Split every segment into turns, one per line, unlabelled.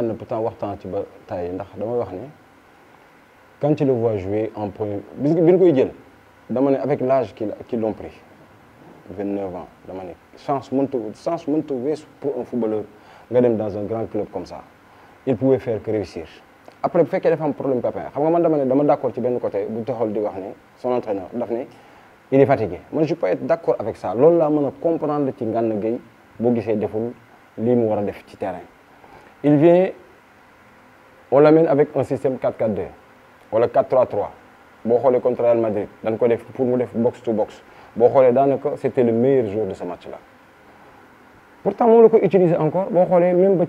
quand tu le vois jouer en premier avec l'âge qu'ils l'ont pris 29 ans chance pour un footballeur dans un grand club comme ça il pouvait faire que réussir après il problème d'accord son entraîneur il est fatigué Je je peux être d'accord avec ça C'est ce que comprendre ci si terrain il vient, on l'amène avec un système 4-4-2 le 4-3-3 Bon, le contre Real Madrid dañ ko pour box to box C'était le meilleur joueur de ce match là. pourtant on la utilisé encore même ba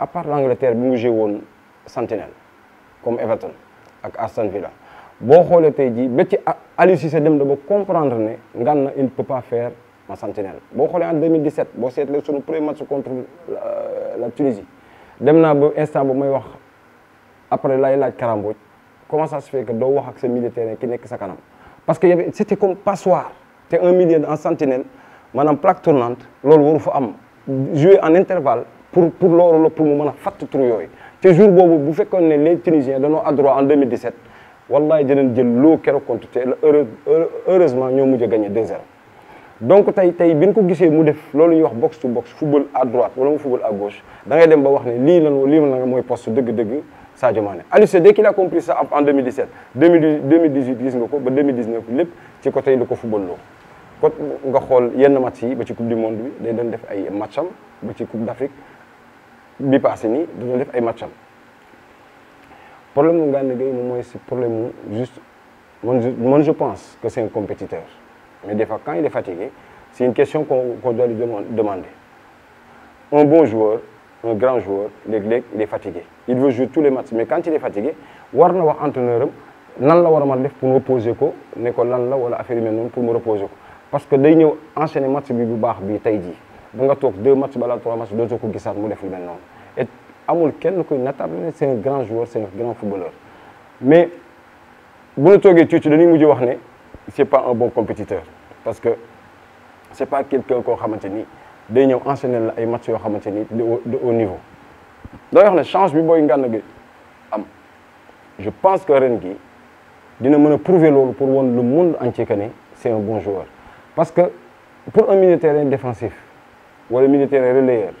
à part l'Angleterre, Angleterre bi Sentinelle comme Everton et Aston Villa Bon, xoolee tey jii ne peut pas faire ma Sentinelle Bon, en 2017 c'était le premier match contre euh, la Tunisie demna bu instant bu may wax après lay laaj comment ça se fait que do wax ak ce militaire qui ki nekk sa kanam parce que c'était comme comme passoire un million en sentinelle manam plaque tournante lolou waru fu am jouer en intervalle pour pour loolu pour mu mën a fatt tur yooyu te jour boobu bu fekkone les tunisiens dañoo adroit en 2017 wallahi dinañ jël lo keroog compte te heureusement ñoo mujj a gagné 2-0 donc tay tay bi ko gisee mu def loolu ñu wax box to box football à droite wala football à gauche da ngay dem ba wax ne li lan li lan mooy poste deug deug Sadio Mané Aliou Cissé dès qu'il a compris ça en 2017 2018 gis nga ko ba 2019 lepp ci côté yi ko football loo ko nga xol yenn match yi ba ci coupe du monde bi day doon def ay matcham ba ci coupe d'Afrique bi passé ni da doon def ay matcham problème nga né Gueye moy mooy problème juste moi je pense que c'est un compétiteur mais des fois, quand il est fatigué, c'est une question qu'on qu doit lui demander. Un bon joueur, un grand joueur, il est fatigué. Il veut jouer tous les matchs, mais quand il est fatigué, il doit avoir entraîneur nan la war pour me reposer ko ne ko lan la wala affaire pour me reposer parce que day ñëw enchaîner match bi bu baax bi tey jii nga deux matchs balaa trois matchs dootoo ko gisaat mu def lu mel et amul Ken, kuy c'est un grand joueur c'est un grand footballeur mais bu ñu tu tuuti dañuy mujj wax ne ce n'est pas un bon compétiteur parce que ce n'est pas quelqu'un qui xamante ni day de enchaîner la ay match de haut niveau d'ailleurs wax change bi je pense que Rengi il prouver pour le monde entier que c'est un bon joueur parce que pour un militaire terrain défensif un militaire terrain relayeur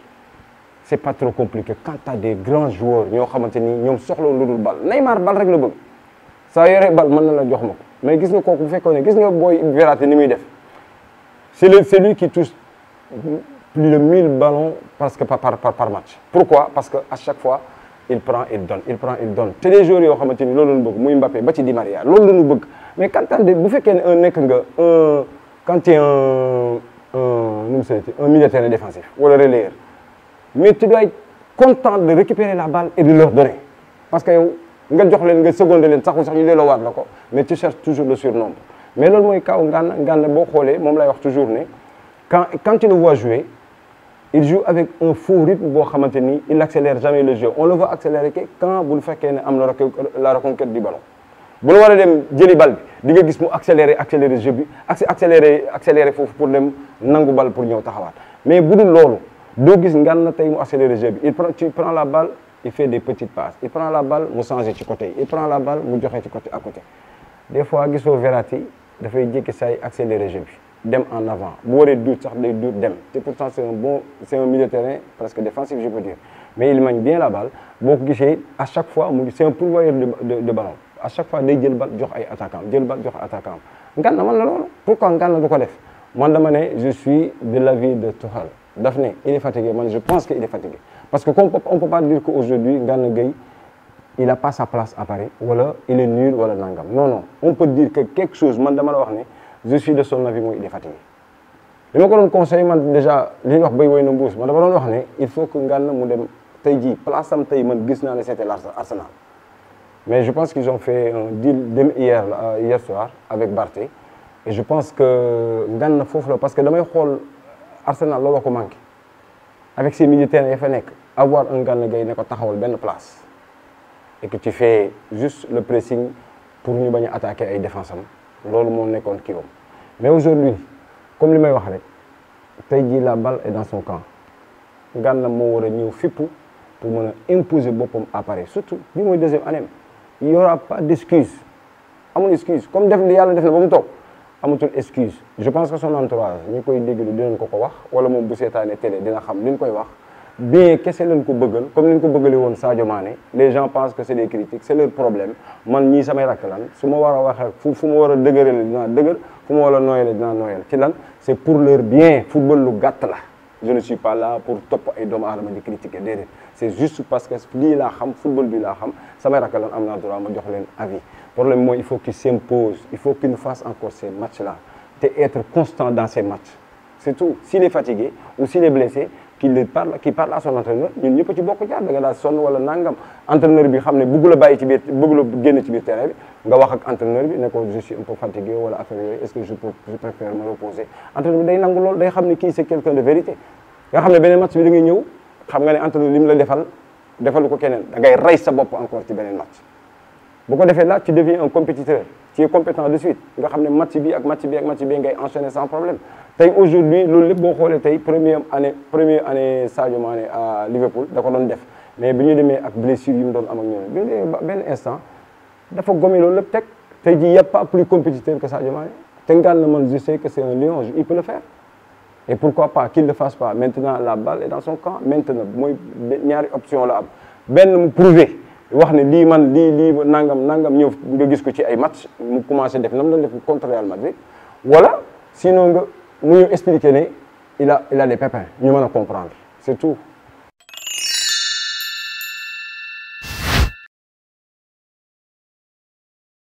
n'est pas trop compliqué quand tu as des grands joueurs qui ont ni le soxla de Neymar bal rek de bëgg saa yore ball mën na la jox ma mais gis nga kooku bu fekkoon ne gis nga booy Verratti ni def c'est le celui qui touche plus de 1000 ballons parce que par, par, par match. Pourquoi Parce qu'à chaque fois, il prend, il donne, il prend, il donne. C'est des joueurs qui ont fait ce Mbappé, Bati Di Maria, ce Mais quand tu as un mec, un, quand tu es un, un, un militaire défensif ou un mais tu dois être content de récupérer la balle et de leur donner. Parce que nga jox leen nga seconde leen saxul sax ñu delloo waat la ko mais tu cherches toujours le surnombre mais loolu mooy kaw Ngana Ngana boo xoolee moom lay wax toujours ne quand quand tu le vois jouer il joue avec un faux rythme boo xamante ni il accélère jamais le jeu on le voit accélérer que quand bu fekkee ne am na la reconquête du ballon bu la war a dem jëli bal bi di nga gis mu accélérer accélérer jeu bi accélérer accélérer foofu pour dem nangu bal pour ñëw taxawaat mais bu dul loolu doo gis Ngana tey mu accélérer jeu bi il prend tu prends la balle il fait des petites passes il prend la balle il change de côté il prend la balle il joxe ci côté à côté des fois il Verratti que ça say accéléré jeu bi dem en avant Il waree duut sax pourtant c'est un bon c'est un milieu de terrain presque défensif je peux dire mais il manque bien la balle Bon, ko à chaque fois c'est un pourvoyeur de de de ballon à chaque fois day jël balle il ay attaquant Il balle jox attaquant man la pourquoi Ngana def man dama je suis de l'avis de Touhal Daphné, il est fatigué. Moi, je pense qu'il est fatigué. Parce qu'on ne peut pas dire qu'aujourd'hui, Gane Gueye, il n'a pas sa place à Paris. Ou alors, il est nul, ou alors, nangam. Non, non. On peut dire que quelque chose, je suis de son avis, il est fatigué. Je vous conseille déjà, il faut que Gana Gueye, place am tay man je na né c'était Arsenal mais je pense qu'ils ont fait un deal hier euh, hier soir avec Barté et je pense que faut fofu parce que damay xol Arsenal looloo ko manqué avec ses militaires, yafa nek avoir un Gana qui ne ko taxawal place et que tu fais juste le pressing pour ñu baña attaquer ay défense am loolu moo nekkoon mais aujourd'hui comme limay wax rek la balle est dans son camp Gana mo war a fipu pour imposer bopom à surtout bi moy deuxième année il y aura pas d'excuse amul excuse comme def li yalla def na ba mu amatul excuse je pense que son entourage ñi koy déglu dinañ ko ko wax wala moom bu seetaanee télé dina xam liñ koy wax bien kese lañ ko bëggal comme niñ ko bëggale won Sadio Mané les gens pensent que c'est des critiques c'est leur problème man ñi samay rak lan suma wara wax a waxee fu fu ma war a dëgërale dinaa dëgër fu ma war ci lan c'est pour leur bien football lu gàtt la je ne suis pas là pour top et doomu aadama di critiquer déedéet c'est juste parce que lii la xam football bi la xam sama rakk amna droit ma jox len avis problème mooy il faut qu'il s'impose il faut qu'il fasse encore ces matchs là Et être constant dans ces matchs c'est tout s'il est fatigué ou s'il est blessé qu'il parle qu'il parle à son entraîneur ñun ñep ci bokk jaar da nga la son wala nangam entraîneur bi xamné ne bëgg la bàyyi ci biir bëgg la ci biir terrain nga wax ak entraîneur bi ne ko je suis un peu fatigué wala affaire yooyu est-ce que je peux je préfère me reposer entraîneur bi day nangu loolu day xam ne kii c'est quelqu'un de vérité nga xam ne beneen match bi da ngay ñëw xam nga ne entraîneur li mu la defal defalu ko keneen da ngay rey sa bopp encore ci beneen match bu ko defee là tu deviens un compétiteur tu es compétent de suite nga xam ne match bi ak match bi ak match bi ngay enchaîner sans problème tey aujourd'hui loolu lépp boo xoolee tey première année première année Sadio Mané à Liverpool da ko doon def mais bi ñu demee ak blessure yi mu doon am ak ñoom benn instant dafa gomé loolu lépp teg tey jii y' a pas plus compétiteur que Sadio Mané te le man je sais que c'est un lion il peut le faire et pourquoi pas qu'il ne le fasse pas maintenant la balle est dans son camp maintenant moy ñaari option la am benn mu prouver wax ne li man li li nangam nangam ñëw nga gis ko ci ay match mu commencer. def nam la def contre Real Madrid wala sinon nga mu ñu expliquer né il a il a des pépins ñu mën comprendre c'est tout.